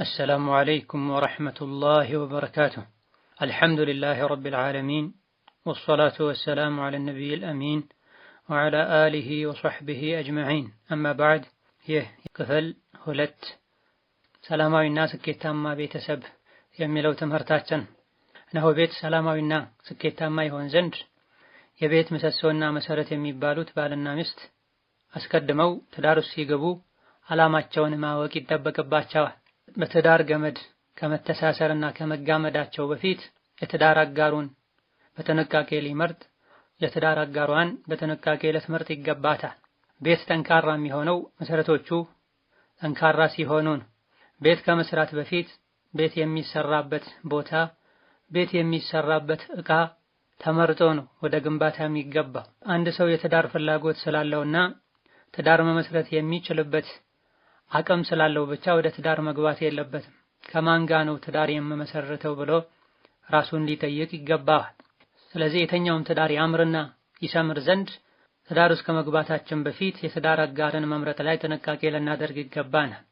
السلام عليكم ورحمة الله وبركاته الحمد لله رب العالمين والصلاة والسلام على النبي الأمين وعلى آله وصحبه أجمعين أما بعد يه كفل هلت سلام على الناس كتام ما بيتسب يميلو تمهرتاتا نهو بيت سلام على الناس كتام ما يهون زند يبيت مسسونا مسارة ميبالوت بالنا مست أسكدمو تدارو سيقبو على ما تشون ما وكي تبك باتشاوه በትዳር ገመድ ከመተሳሰርና ከመጋመዳቸው በፊት የትዳር አጋሩን በጥንቃቄ ሊመርጥ የትዳር አጋሯን በጥንቃቄ ልትመርጥ ይገባታል። ቤት ጠንካራ የሚሆነው መሰረቶቹ ጠንካራ ሲሆኑ ቤት ከመስራት በፊት ቤት የሚሰራበት ቦታ፣ ቤት የሚሰራበት ዕቃ ተመርጦ ነው ወደ ግንባታ የሚገባው። አንድ ሰው የትዳር ፍላጎት ስላለውና ትዳር መመስረት የሚችልበት አቅም ስላለው ብቻ ወደ ትዳር መግባት የለበትም። ከማን ጋ ነው ትዳር የምመሰርተው ብሎ ራሱን ሊጠይቅ ይገባዋል። ስለዚህ የተኛውም ትዳር ያምርና ይሰምር ዘንድ ትዳር ውስጥ ከመግባታችን በፊት የትዳር አጋርን መምረጥ ላይ ጥንቃቄ ልናደርግ ይገባናል።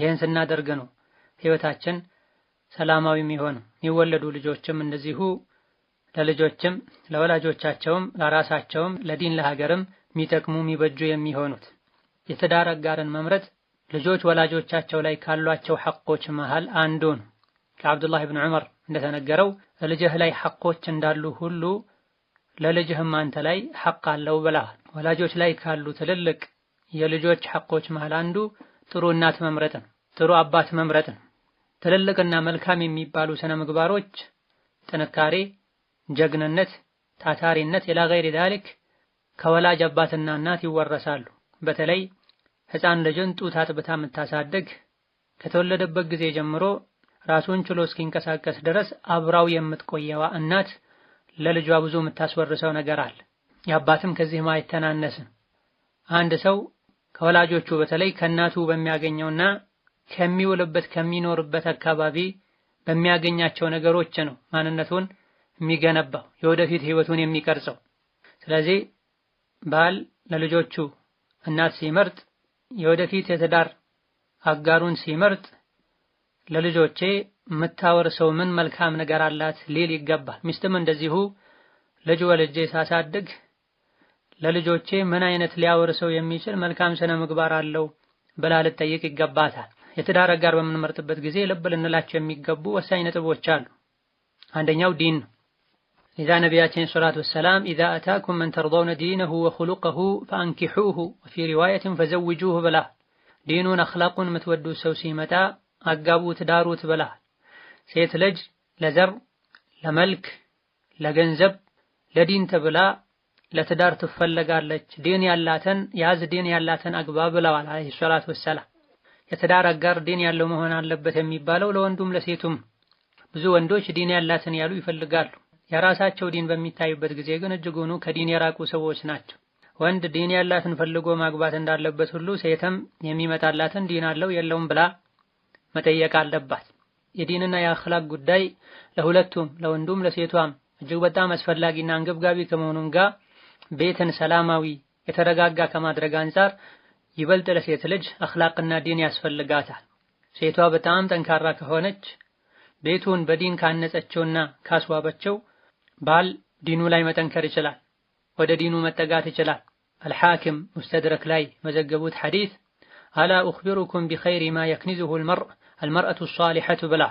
ይህን ስናደርግ ነው ህይወታችን ሰላማዊ የሚሆነው። የሚወለዱ ልጆችም እንደዚሁ ለልጆችም ለወላጆቻቸውም ለራሳቸውም ለዲን ለሀገርም የሚጠቅሙ የሚበጁ የሚሆኑት የትዳር አጋርን መምረጥ ልጆች ወላጆቻቸው ላይ ካሏቸው ሐቆች መሃል አንዱ ነው። ከአብዱላህ ብን ዑመር እንደተነገረው ልጅህ ላይ ሐቆች እንዳሉ ሁሉ ለልጅህም አንተ ላይ ሐቅ አለው ብላ ወላጆች ላይ ካሉ ትልልቅ የልጆች ሐቆች መሃል አንዱ ጥሩ እናት መምረጥ ነው። ጥሩ አባት መምረጥ ነው። ትልልቅና መልካም የሚባሉ ስነ ምግባሮች ጥንካሬ፣ ጀግንነት፣ ታታሪነት ኢላ ገይሪ ዳሊክ ከወላጅ አባትና እናት ይወረሳሉ በተለይ ሕፃን ልጅን ጡት አጥብታ የምታሳድግ ከተወለደበት ጊዜ ጀምሮ ራሱን ችሎ እስኪንቀሳቀስ ድረስ አብራው የምትቆየዋ እናት ለልጇ ብዙ የምታስወርሰው ነገር አለ። የአባትም ከዚህም አይተናነስም። አንድ ሰው ከወላጆቹ በተለይ ከእናቱ በሚያገኘውና ከሚውልበት ከሚኖርበት አካባቢ በሚያገኛቸው ነገሮች ነው ማንነቱን የሚገነባው የወደፊት ህይወቱን የሚቀርጸው። ስለዚህ ባል ለልጆቹ እናት ሲመርጥ የወደፊት የትዳር አጋሩን ሲመርጥ ለልጆቼ የምታወርሰው ምን መልካም ነገር አላት ሊል ይገባል። ሚስትም እንደዚሁ ልጅ ወልጄ ሳሳድግ ለልጆቼ ምን አይነት ሊያወርሰው የሚችል መልካም ስነ ምግባር አለው ብላ ልጠይቅ ይገባታል። የትዳር አጋር በምንመርጥበት ጊዜ ልብ ልንላቸው የሚገቡ ወሳኝ ነጥቦች አሉ። አንደኛው ዲን ነው። ኢዛ ነቢያችን ሰላት ወሰላም ኢዛ አታኩም መን ተርዶውነ ዲነሁ ወኹሉቀሁ ፈአንኪሑሁ ወፊ ሪዋየትን ፈዘውጁሁ ብላ ዲኑን አኽላቁን የምትወዱ ሰው ሲመጣ አጋቡት፣ ዳሩት ብላ ሴት ልጅ ለዘር፣ ለመልክ፣ ለገንዘብ፣ ለዲን ተብላ ለትዳር ትፈለጋለች። ዲን ያላትን ያዝ፣ ዲን ያላትን አግባ ብለዋል ዓለይሂ ሰላት ወሰላም። የትዳር አጋር ዲን ያለው መሆን አለበት የሚባለው ለወንዱም ለሴቱም። ብዙ ወንዶች ዲን ያላትን ያሉ ይፈልጋሉ የራሳቸው ዲን በሚታዩበት ጊዜ ግን እጅጉኑ ከዲን የራቁ ሰዎች ናቸው። ወንድ ዲን ያላትን ፈልጎ ማግባት እንዳለበት ሁሉ ሴትም የሚመጣላትን ዲን አለው የለውም ብላ መጠየቅ አለባት። የዲንና የአኽላቅ ጉዳይ ለሁለቱም ለወንዱም ለሴቷም እጅግ በጣም አስፈላጊና አንገብጋቢ ከመሆኑም ጋር ቤትን ሰላማዊ የተረጋጋ ከማድረግ አንጻር ይበልጥ ለሴት ልጅ አኽላቅና ዲን ያስፈልጋታል። ሴቷ በጣም ጠንካራ ከሆነች ቤቱን በዲን ካነጸችውና ካስዋበችው ባል ዲኑ ላይ መጠንከር ይችላል። ወደ ዲኑ መጠጋት ይችላል። አልሐኪም ሙስተድረክ ላይ መዘገቡት ሐዲስ አላ ኡኽቢሩኩም ቢኸይሪ ማ የክኒዙሁ አልመርአቱ ሷሊሐቱ ብላ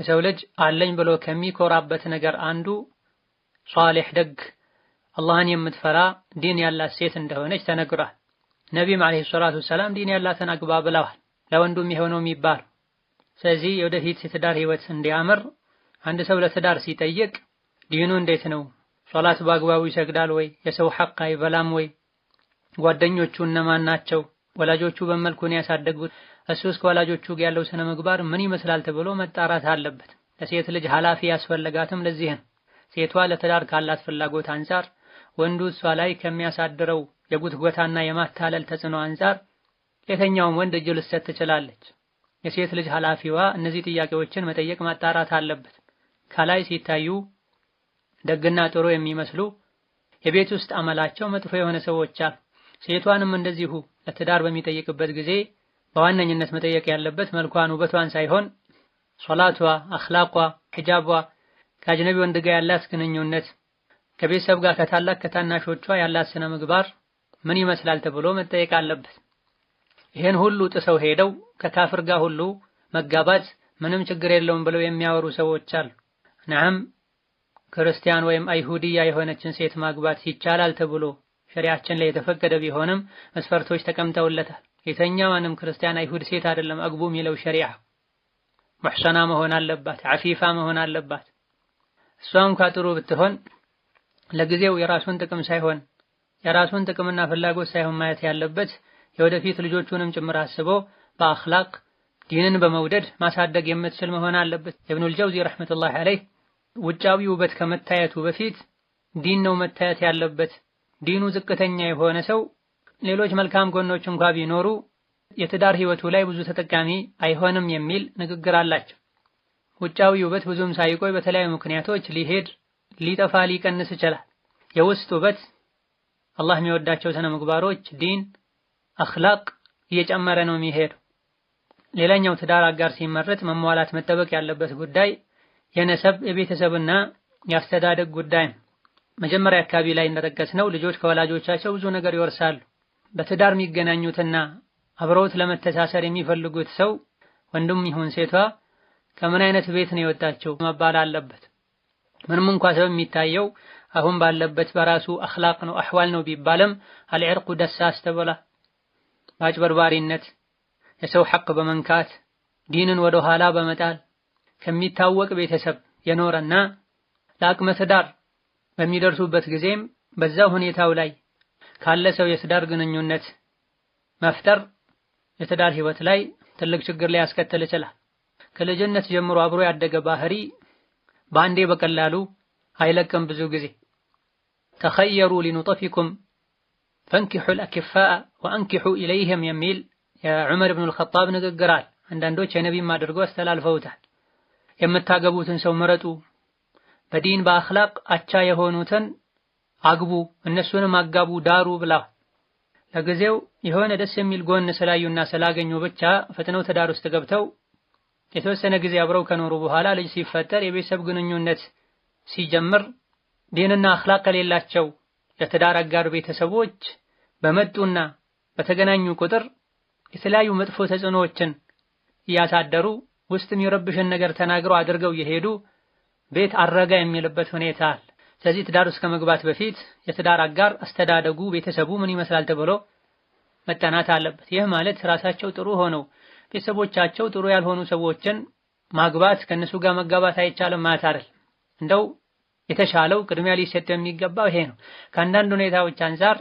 የሰው ልጅ አለኝ ብሎ ከሚኮራበት ነገር አንዱ ሷሊሕ ደግ አላህን የምትፈራ ዲን ያላት ሴት እንደሆነች ተነግሯል። ነቢም ዓለይሂ ሰላቱ ወሰላም ዲን ያላትን አግባ ብለዋል። ለወንዱም የሆነው የሚባል ስለዚህ የወደፊት የትዳር ህይወት እንዲያምር አንድ ሰው ለትዳር ሲጠይቅ ዲኑ እንዴት ነው? ሶላት በአግባቡ ይሰግዳል ወይ? የሰው ሐቅ አይበላም ወይ? ጓደኞቹ እነማን ናቸው? ወላጆቹ በመልኩ ነው ያሳደጉት? እሱስ ከወላጆቹ ጋር ያለው ስነ ምግባር ምን ይመስላል ተብሎ መጣራት አለበት። ለሴት ልጅ ኃላፊ ያስፈለጋትም ለዚህ ሴቷ ለትዳር ካላት ፍላጎት አንጻር፣ ወንዱ እሷ ላይ ከሚያሳድረው የጉትጎታና የማታለል ተጽዕኖ አንጻር የተኛውም ወንድ እጅ ልትሰጥ ትችላለች። የሴት ልጅ ኃላፊዋ እነዚህ ጥያቄዎችን መጠየቅ ማጣራት አለበት። ከላይ ሲታዩ ደግና ጥሩ የሚመስሉ የቤት ውስጥ አመላቸው መጥፎ የሆነ ሰዎች አሉ። ሴቷንም እንደዚሁ ለትዳር በሚጠይቅበት ጊዜ በዋነኝነት መጠየቅ ያለበት መልኳን ውበቷን ሳይሆን ሶላቷ፣ አኽላቋ፣ ሒጃቧ፣ ከአጅነቢ ወንድ ጋር ያላት ግንኙነት፣ ከቤተሰብ ጋር ከታላቅ ከታናሾቿ ያላት ስነ ምግባር ምን ይመስላል ተብሎ መጠየቅ አለበት። ይህን ሁሉ ጥሰው ሄደው ከካፍር ጋር ሁሉ መጋባት ምንም ችግር የለውም ብለው የሚያወሩ ሰዎች አሉ። ነዓም ክርስቲያን ወይም አይሁዲያ የሆነችን ሴት ማግባት ይቻላል ተብሎ ሸሪያችን ላይ የተፈቀደ ቢሆንም መስፈርቶች ተቀምጠውለታል። የተኛዋንም ክርስቲያን አይሁድ ሴት አይደለም አግቡ የሚለው ሸሪዓ። ሙሕሰና መሆን አለባት፣ አፊፋ መሆን አለባት። እሷ እንኳ ጥሩ ብትሆን ለጊዜው የራሱን ጥቅም ሳይሆን የራሱን ጥቅምና ፍላጎት ሳይሆን ማየት ያለበት የወደፊት ልጆቹንም ጭምር አስቦ በአኽላቅ ዲንን በመውደድ ማሳደግ የምትችል መሆን አለበት። ኢብኑል ጀውዚ ረሕመቱላሂ ዓለይህ ውጫዊ ውበት ከመታየቱ በፊት ዲን ነው መታየት ያለበት። ዲኑ ዝቅተኛ የሆነ ሰው ሌሎች መልካም ጎኖች እንኳ ቢኖሩ የትዳር ህይወቱ ላይ ብዙ ተጠቃሚ አይሆንም የሚል ንግግር አላቸው። ውጫዊ ውበት ብዙም ሳይቆይ በተለያዩ ምክንያቶች ሊሄድ ሊጠፋ ሊቀንስ ይችላል። የውስጥ ውበት አላህ የሚወዳቸው ስነ ምግባሮች፣ ዲን፣ አኽላቅ እየጨመረ ነው የሚሄድ። ሌላኛው ትዳር አጋር ሲመረጥ መሟላት መጠበቅ ያለበት ጉዳይ የነሰብ የቤተሰብና የአስተዳደግ ጉዳይ መጀመሪያ አካባቢ ላይ እንደጠቀስነው ልጆች ከወላጆቻቸው ብዙ ነገር ይወርሳሉ። በትዳር የሚገናኙትና አብረውት ለመተሳሰር የሚፈልጉት ሰው ወንድም ይሁን ሴቷ ከምን አይነት ቤት ነው የወጣቸው መባል አለበት። ምንም እንኳ ሰው የሚታየው አሁን ባለበት በራሱ አኽላቅ ነው አህዋል ነው ቢባልም አልዕርቁ ደሳስ ተብላ በአጭበርባሪነት የሰው ሐቅ በመንካት ዲንን ወደ ኋላ በመጣል ከሚታወቅ ቤተሰብ የኖረና ለአቅመ ትዳር በሚደርሱበት ጊዜም በዛ ሁኔታው ላይ ካለ ሰው የትዳር ግንኙነት መፍጠር የትዳር ህይወት ላይ ትልቅ ችግር ሊያስከትል ይችላል። ከልጅነት ጀምሮ አብሮ ያደገ ባህሪ በአንዴ በቀላሉ አይለቅም። ብዙ ጊዜ ተኸየሩ ሊኑጠፊኩም ፈንኪሑል አኪፋአ ወአንኪሑ ኢለይህም የሚል የዑመር ብኑል ንግግር ንግግራል። አንዳንዶች የነቢም አድርገው አስተላልፈውታል። የምታገቡትን ሰው ምረጡ፣ በዲን በአኽላቅ አቻ የሆኑትን አግቡ፣ እነሱንም አጋቡ፣ ዳሩ ብላ ለጊዜው የሆነ ደስ የሚል ጎን ስላዩና ስላገኙ ብቻ ፈጥነው ትዳር ውስጥ ገብተው የተወሰነ ጊዜ አብረው ከኖሩ በኋላ ልጅ ሲፈጠር የቤተሰብ ግንኙነት ሲጀምር ዲንና አኽላቅ ከሌላቸው ለተዳር አጋር ቤተሰቦች በመጡና በተገናኙ ቁጥር የተለያዩ መጥፎ ተጽዕኖዎችን እያሳደሩ ውስጥ የሚረብሽን ነገር ተናግረው አድርገው የሄዱ ቤት አረጋ የሚልበት ሁኔታ አለ። ስለዚህ ትዳር ውስጥ ከመግባት በፊት የትዳር አጋር አስተዳደጉ፣ ቤተሰቡ ምን ይመስላል ተብሎ መጠናት አለበት። ይህ ማለት ራሳቸው ጥሩ ሆነው ቤተሰቦቻቸው ጥሩ ያልሆኑ ሰዎችን ማግባት ከነሱ ጋር መጋባት አይቻልም ማለት አይደል። እንደው የተሻለው ቅድሚያ ሊሰጠው የሚገባው ይሄ ነው። ከአንዳንድ ሁኔታዎች አንፃር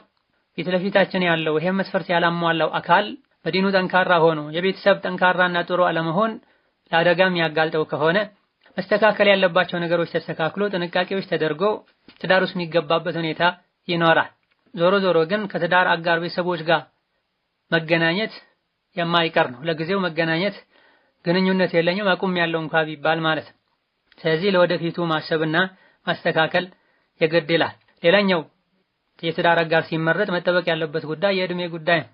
ፊት ለፊታችን ያለው ይሄ መስፈርት ያላሟላው አካል በዲኑ ጠንካራ ሆኖ የቤተሰብ ጠንካራና ጥሩ አለመሆን ለአደጋ ያጋልጠው ከሆነ መስተካከል ያለባቸው ነገሮች ተስተካክሎ ጥንቃቄዎች ተደርጎ ትዳር ውስጥ የሚገባበት ሁኔታ ይኖራል። ዞሮ ዞሮ ግን ከትዳር አጋር ቤተሰቦች ጋር መገናኘት የማይቀር ነው። ለጊዜው መገናኘት ግንኙነት የለኝም አቁም ያለው እንኳ ቢባል ማለት ነው። ስለዚህ ለወደፊቱ ማሰብና ማስተካከል የግድ ይላል። ሌላኛው የትዳር አጋር ሲመረጥ መጠበቅ ያለበት ጉዳይ የእድሜ ጉዳይ ነው።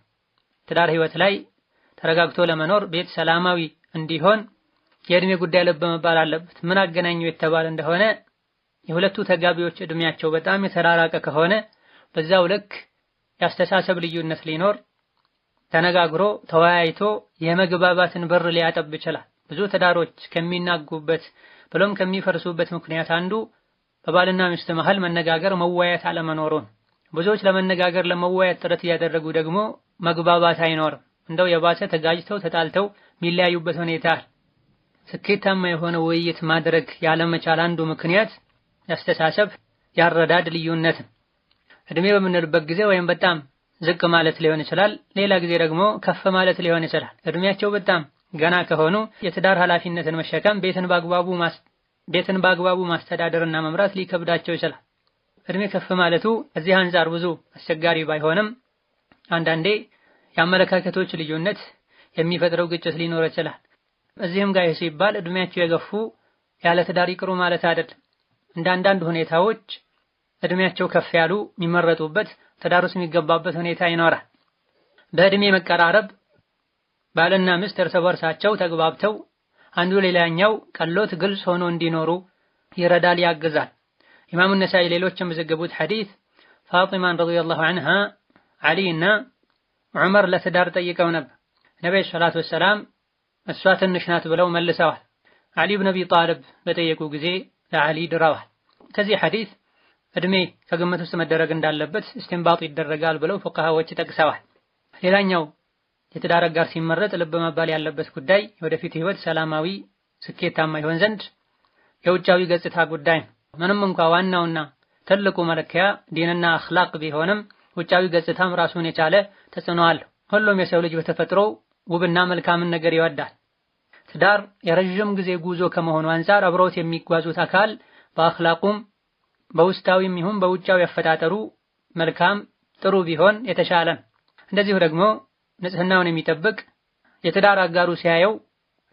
ትዳር ህይወት ላይ ተረጋግቶ ለመኖር ቤት ሰላማዊ እንዲሆን የእድሜ ጉዳይ ልብ መባል አለበት። ምን አገናኘው የተባለ እንደሆነ የሁለቱ ተጋቢዎች እድሜያቸው በጣም የተራራቀ ከሆነ በዛው ልክ የአስተሳሰብ ልዩነት ሊኖር ተነጋግሮ ተወያይቶ የመግባባትን በር ሊያጠብ ይችላል። ብዙ ትዳሮች ከሚናጉበት ብሎም ከሚፈርሱበት ምክንያት አንዱ በባልና ሚስት መሃል መነጋገር መወያየት አለመኖሩን። ብዙዎች ለመነጋገር ለመወያየት ጥረት እያደረጉ ደግሞ መግባባት አይኖርም። እንደው የባሰ ተጋጅተው ተጣልተው የሚለያዩበት ሁኔታ ስኬታማ የሆነ ውይይት ማድረግ ያለመቻል አንዱ ምክንያት ያስተሳሰብ ያረዳድ ልዩነት እድሜ በምንልበት ጊዜ ወይም በጣም ዝቅ ማለት ሊሆን ይችላል፣ ሌላ ጊዜ ደግሞ ከፍ ማለት ሊሆን ይችላል። እድሜያቸው በጣም ገና ከሆኑ የትዳር ኃላፊነትን መሸከም ቤትን በአግባቡ ቤትን በአግባቡ ማስተዳደርና መምራት ሊከብዳቸው ይችላል። እድሜ ከፍ ማለቱ እዚህ አንጻር ብዙ አስቸጋሪ ባይሆንም አንዳንዴ የአመለካከቶች ልዩነት የሚፈጥረው ግጭት ሊኖር ይችላል። እዚህም ጋር ሲባል እድሜያቸው የገፉ ያለ ትዳር ይቅሩ ማለት አይደለም። እንደ አንዳንድ ሁኔታዎች እድሜያቸው ከፍ ያሉ የሚመረጡበት ትዳር ውስጥ የሚገባበት ሁኔታ ይኖራል። በእድሜ መቀራረብ ባልና ሚስት እርስ በርሳቸው ተግባብተው አንዱ ሌላኛው ቀሎት ግልጽ ሆኖ እንዲኖሩ ይረዳል፣ ያግዛል። ኢማሙ ነሳኢ ሌሎችም የዘገቡት ሐዲስ ፋጢማን ረዲየላሁ ዐንሃ አሊና ዑመር ለትዳር ጠይቀው ነበር። ነብይ ሰለላሁ ዐለይሂ ወሰለም እሷ ትንሽ ናት ብለው መልሰዋል። ዓሊ ብን አቢ ጣልብ በጠየቁ ጊዜ ለአሊ ድረዋል። ከዚህ ሐዲስ እድሜ ከግምት ውስጥ መደረግ እንዳለበት እስትንባጥ ይደረጋል ብለው ፉቃሃዎች ጠቅሰዋል። ሌላኛው የትዳር አጋር ሲመረጥ ልብ መባል ያለበት ጉዳይ የወደፊት ህይወት ሰላማዊ፣ ስኬታማ ይሆን ዘንድ የውጫዊ ገጽታ ጉዳይ ነው። ምንም እንኳ ዋናውና ትልቁ መለኪያ ዲንና አኽላቅ ቢሆንም ውጫዊ ገጽታም ራሱን የቻለ ተጽዕኖ አለው። ሁሉም የሰው ልጅ በተፈጥሮ ውብና መልካምን ነገር ይወዳል። ዳር የረዥም ጊዜ ጉዞ ከመሆኑ አንፃር አብረውት የሚጓዙት አካል በአኽላቁም በውስጣዊም ይሁን በውጫዊ አፈጣጠሩ መልካም ጥሩ ቢሆን የተሻለ። እንደዚሁ ደግሞ ንጽህናውን የሚጠብቅ የትዳር አጋሩ ሲያየው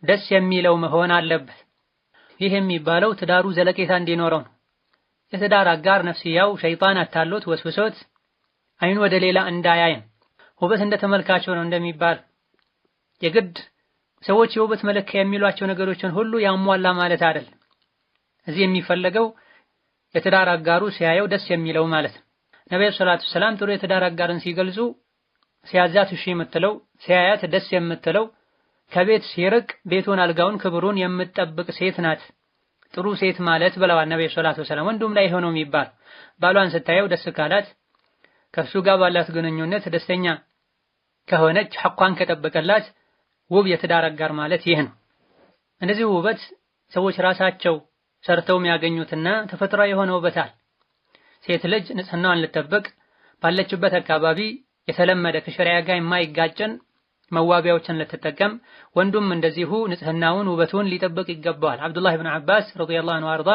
ደስ የሚለው መሆን አለበት። ይህ የሚባለው ትዳሩ ዘለቄታ እንዲኖረው ነው። የትዳር አጋር ነፍስያው ሸይጣን አታሎት ወስውሶት አይኑ ወደ ሌላ እንዳያይም ውበት እንደ ተመልካቸው ነው እንደሚባል የግድ ሰዎች የውበት መለኪያ የሚሏቸው ነገሮችን ሁሉ ያሟላ ማለት አይደል። እዚህ የሚፈለገው የትዳር አጋሩ ሲያየው ደስ የሚለው ማለት ነው። ነብዩ ሰለላሁ ዐለይሂ ወሰለም ጥሩ የትዳር አጋርን ሲገልጹ ሲያዛት እሺ የምትለው ሲያያት ደስ የምትለው ከቤት ሲርቅ ቤቱን፣ አልጋውን፣ ክብሩን የምትጠብቅ ሴት ናት ጥሩ ሴት ማለት ብለዋል ነብዩ ሰለላሁ ዐለይሂ ወሰለም። ወንዱም ላይ ሆኖ የሚባል ባሏን ስታየው ደስ ካላት ከእሱ ጋር ባላት ግንኙነት ደስተኛ ከሆነች ሐቋን ከጠበቀላት ውብ የትዳር አጋር ማለት ይህ ነው። እንደዚህ ውበት ሰዎች ራሳቸው ሰርተው የሚያገኙትና ተፈጥሯዊ የሆነ ውበት አለ። ሴት ልጅ ንጽህናዋን ልጠብቅ ባለችበት አካባቢ የተለመደ ከሸሪያ ጋር የማይጋጭን መዋቢያዎችን ልትጠቀም፣ ወንዱም እንደዚሁ ንጽህናውን ውበቱን ሊጠብቅ ይገባዋል። አብዱላህ ብን አባስ ረዲየላሁ ዐንሁ አርዳ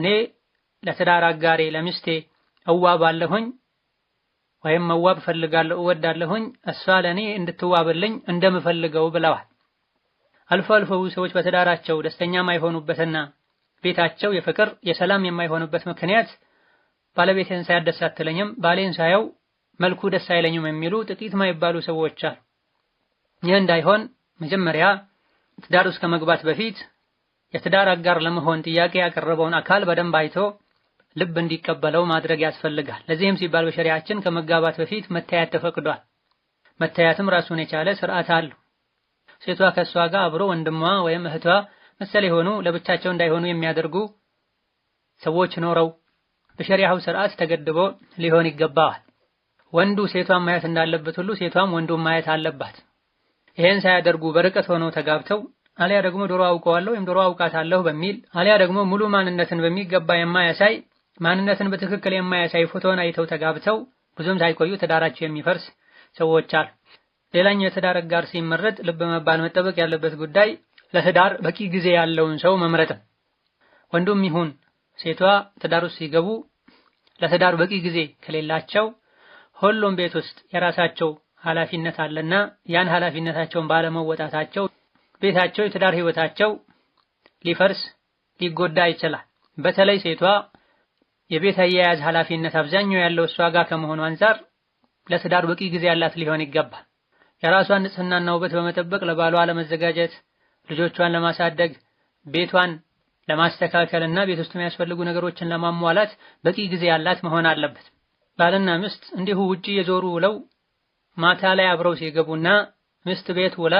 እኔ ለትዳር አጋሬ ለሚስቴ እዋ ባለሁኝ። ወይም መዋብ እፈልጋለሁ እወዳለሁኝ እሷ ለእኔ እንድትዋብልኝ እንደምፈልገው ብለዋል። አልፎ አልፎ ሰዎች በትዳራቸው ደስተኛ የማይሆኑበትና ቤታቸው የፍቅር የሰላም የማይሆኑበት ምክንያት ባለቤቴን ሳያት ደስ አትለኝም፣ ባሌን ሳየው መልኩ ደስ አይለኝም የሚሉ ጥቂት ማይባሉ ሰዎች አሉ። ይህ እንዳይሆን መጀመሪያ ትዳር ውስጥ ከመግባት በፊት የትዳር አጋር ለመሆን ጥያቄ ያቀረበውን አካል በደንብ አይቶ ልብ እንዲቀበለው ማድረግ ያስፈልጋል። ለዚህም ሲባል በሸሪያችን ከመጋባት በፊት መታየት ተፈቅዷል። መታየትም ራሱን የቻለ ስርዓት አለው። ሴቷ ከእሷ ጋር አብሮ ወንድሟ ወይም እህቷ መሰል የሆኑ ለብቻቸው እንዳይሆኑ የሚያደርጉ ሰዎች ኖረው በሸሪያው ስርዓት ተገድቦ ሊሆን ይገባዋል። ወንዱ ሴቷን ማየት እንዳለበት ሁሉ ሴቷም ወንዱ ማየት አለባት። ይሄን ሳያደርጉ በርቀት ሆነው ተጋብተው አሊያ ደግሞ ዶሮ አውቀዋለሁ ወይም ዶሮ አውቃታለሁ በሚል አሊያ ደግሞ ሙሉ ማንነትን በሚገባ የማያሳይ ማንነትን በትክክል የማያሳይ ፎቶን አይተው ተጋብተው ብዙም ሳይቆዩ ትዳራቸው የሚፈርስ ሰዎች አሉ። ሌላኛው የትዳር አጋር ሲመረጥ ልብ መባል መጠበቅ ያለበት ጉዳይ ለትዳር በቂ ጊዜ ያለውን ሰው መምረጥ። ወንዱም ይሁን ሴቷ ትዳር ውስጥ ሲገቡ ለትዳር በቂ ጊዜ ከሌላቸው ሁሉም ቤት ውስጥ የራሳቸው ኃላፊነት አለና ያን ኃላፊነታቸውን ባለመወጣታቸው ቤታቸው የትዳር ህይወታቸው ሊፈርስ ሊጎዳ ይችላል። በተለይ ሴቷ የቤት አያያዝ ኃላፊነት አብዛኛው ያለው እሷ ጋር ከመሆኑ አንፃር ለትዳር በቂ ጊዜ ያላት ሊሆን ይገባል። የራሷን ንጽህናና ውበት በመጠበቅ ለባሏ ለመዘጋጀት፣ ልጆቿን ለማሳደግ፣ ቤቷን ለማስተካከልና ቤት ውስጥ የሚያስፈልጉ ነገሮችን ለማሟላት በቂ ጊዜ ያላት መሆን አለበት። ባልና ሚስት እንዲሁ ውጪ የዞሩ ውለው ማታ ላይ አብረው ሲገቡና ሚስት ቤት ውላ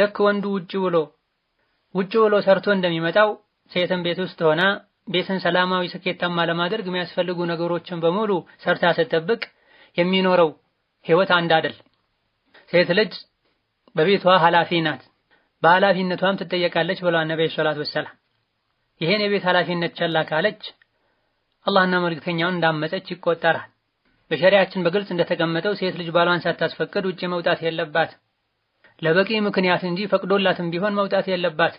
ልክ ወንዱ ውጪ ውሎ ውጪ ውሎ ሰርቶ እንደሚመጣው ሴትም ቤት ውስጥ ሆና ቤትን ሰላማዊ፣ ስኬታማ ለማድረግ የሚያስፈልጉ ነገሮችን በሙሉ ሰርታ ስትጠብቅ የሚኖረው ህይወት አንድ አይደል። ሴት ልጅ በቤቷ ኃላፊ ናት፣ በኃላፊነቷም ትጠየቃለች ብለዋል ነብዩ ሰለላሁ ዐለይሂ ወሰለም። ይሄን የቤት ኃላፊነት ቸላ ካለች አላህና መልእክተኛውን እንዳመፀች ይቆጠራል። በሸሪያችን በግልጽ እንደተቀመጠው ሴት ልጅ ባሏን ሳታስፈቅድ ውጪ መውጣት የለባት ለበቂ ምክንያት እንጂ ፈቅዶላትም ቢሆን መውጣት የለባት።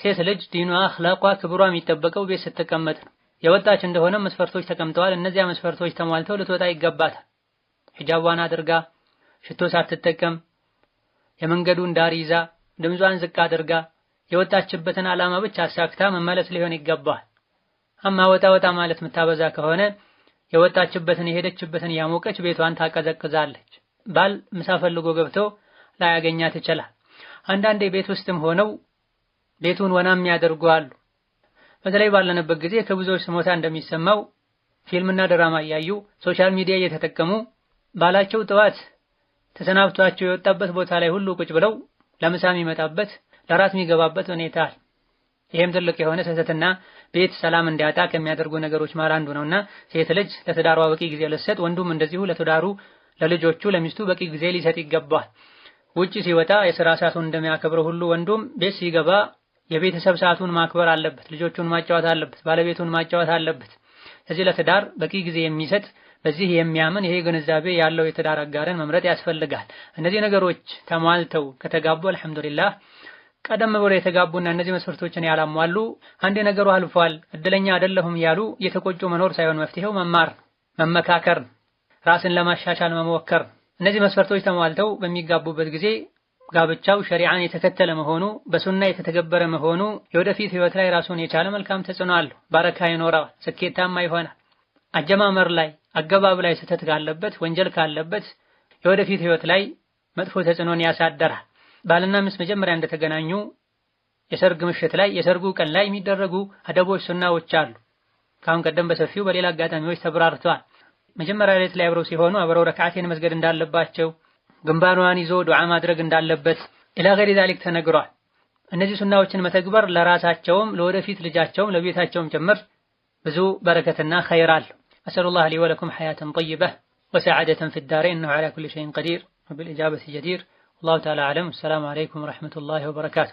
ሴት ልጅ ዲኗ፣ አኽላቋ፣ ክብሯ የሚጠበቀው ቤት ስትቀመጥ ነው። የወጣች እንደሆነ መስፈርቶች ተቀምጠዋል። እነዚያ መስፈርቶች ተሟልተው ልትወጣ ይገባታል። ሂጃቧን አድርጋ ሽቶ ሳትጠቀም የመንገዱን ዳር ይዛ ድምጿን ዝቅ አድርጋ የወጣችበትን ዓላማ ብቻ አሳክታ መመለስ ሊሆን ይገባዋል። አማ ወጣ ወጣ ማለት የምታበዛ ከሆነ የወጣችበትን የሄደችበትን ያሞቀች ቤቷን ታቀዘቅዛለች። ባል ምሳ ፈልጎ ገብቶ ላያገኛት ይችላል። አንዳንዴ ቤት ውስጥም ሆነው ቤቱን ወናም የሚያደርጉ አሉ። በተለይ ባለንበት ጊዜ ከብዙዎች ስሞታ እንደሚሰማው ፊልምና ድራማ እያዩ ሶሻል ሚዲያ እየተጠቀሙ ባላቸው ጥዋት ተሰናብቷቸው የወጣበት ቦታ ላይ ሁሉ ቁጭ ብለው ለምሳ የሚመጣበት ለራት የሚገባበት ሁኔታ ይሄም ትልቅ የሆነ ስህተትና ቤት ሰላም እንዲያጣ ከሚያደርጉ ነገሮች መሃል አንዱ ነውና ሴት ልጅ ለትዳሯ በቂ ጊዜ ልትሰጥ፣ ወንዱም እንደዚሁ ለትዳሩ ለልጆቹ፣ ለሚስቱ በቂ ጊዜ ሊሰጥ ይገባል። ውጭ ሲወጣ የስራ ሰዓቱን እንደሚያከብረው ሁሉ ወንዱም ቤት ሲገባ የቤተሰብ ሰዓቱን ማክበር አለበት፣ ልጆቹን ማጫወት አለበት፣ ባለቤቱን ማጫወት አለበት። ስለዚህ ለትዳር በቂ ጊዜ የሚሰጥ በዚህ የሚያምን ይሄ ግንዛቤ ያለው የትዳር አጋርን መምረጥ ያስፈልጋል። እነዚህ ነገሮች ተሟልተው ከተጋቡ አልሐምዱሊላህ። ቀደም ብሎ የተጋቡና እነዚህ መስፈርቶችን ያላሟሉ አንድ ነገሩ አልፏል፣ እድለኛ አይደለሁም ያሉ እየተቆጩ መኖር ሳይሆን መፍትሄው መማር፣ መመካከር፣ ራስን ለማሻሻል መሞከር። እነዚህ መስፈርቶች ተሟልተው በሚጋቡበት ጊዜ ጋብቻው ሸሪዓን የተከተለ መሆኑ በሱና የተተገበረ መሆኑ የወደፊት ህይወት ላይ ራሱን የቻለ መልካም ተጽዕኖ አለው። ባረካ ይኖረዋል፣ ስኬታማ ይሆናል። አጀማመር ላይ አገባብ ላይ ስህተት ካለበት ወንጀል ካለበት የወደፊት ህይወት ላይ መጥፎ ተጽዕኖን ያሳደራል። ባልና ሚስት መጀመሪያ እንደተገናኙ የሰርግ ምሽት ላይ የሰርጉ ቀን ላይ የሚደረጉ አደቦች፣ ሱናዎች አሉ። ካሁን ቀደም በሰፊው በሌላ አጋጣሚዎች ተብራርተዋል። መጀመሪያ ሌት ላይ አብረው ሲሆኑ አብረው ረክዓቴን መስገድ እንዳለባቸው ግንባሯን ይዞ ዱዓ ማድረግ እንዳለበት ኢላ ገይሪ ዛሊክ ተነግሯል። እነዚህ ሱናዎችን መተግበር ለራሳቸውም ለወደፊት ልጃቸውም ለቤታቸውም ጭምር ብዙ በረከትና ኸይር አለው። አሰሉላህ ሊ ወለኩም ሐያተን ጠይበህ ወሰዓደተን ፊ ዳሬ እነሁ ዐላ ኩሊ ሸይን ቀዲር ወቢልኢጃበቲ ጀዲር ወላሁ ተዓላ አዕለም። ወሰላሙ ዐለይኩም ወረሕመቱላሂ ወበረካቱ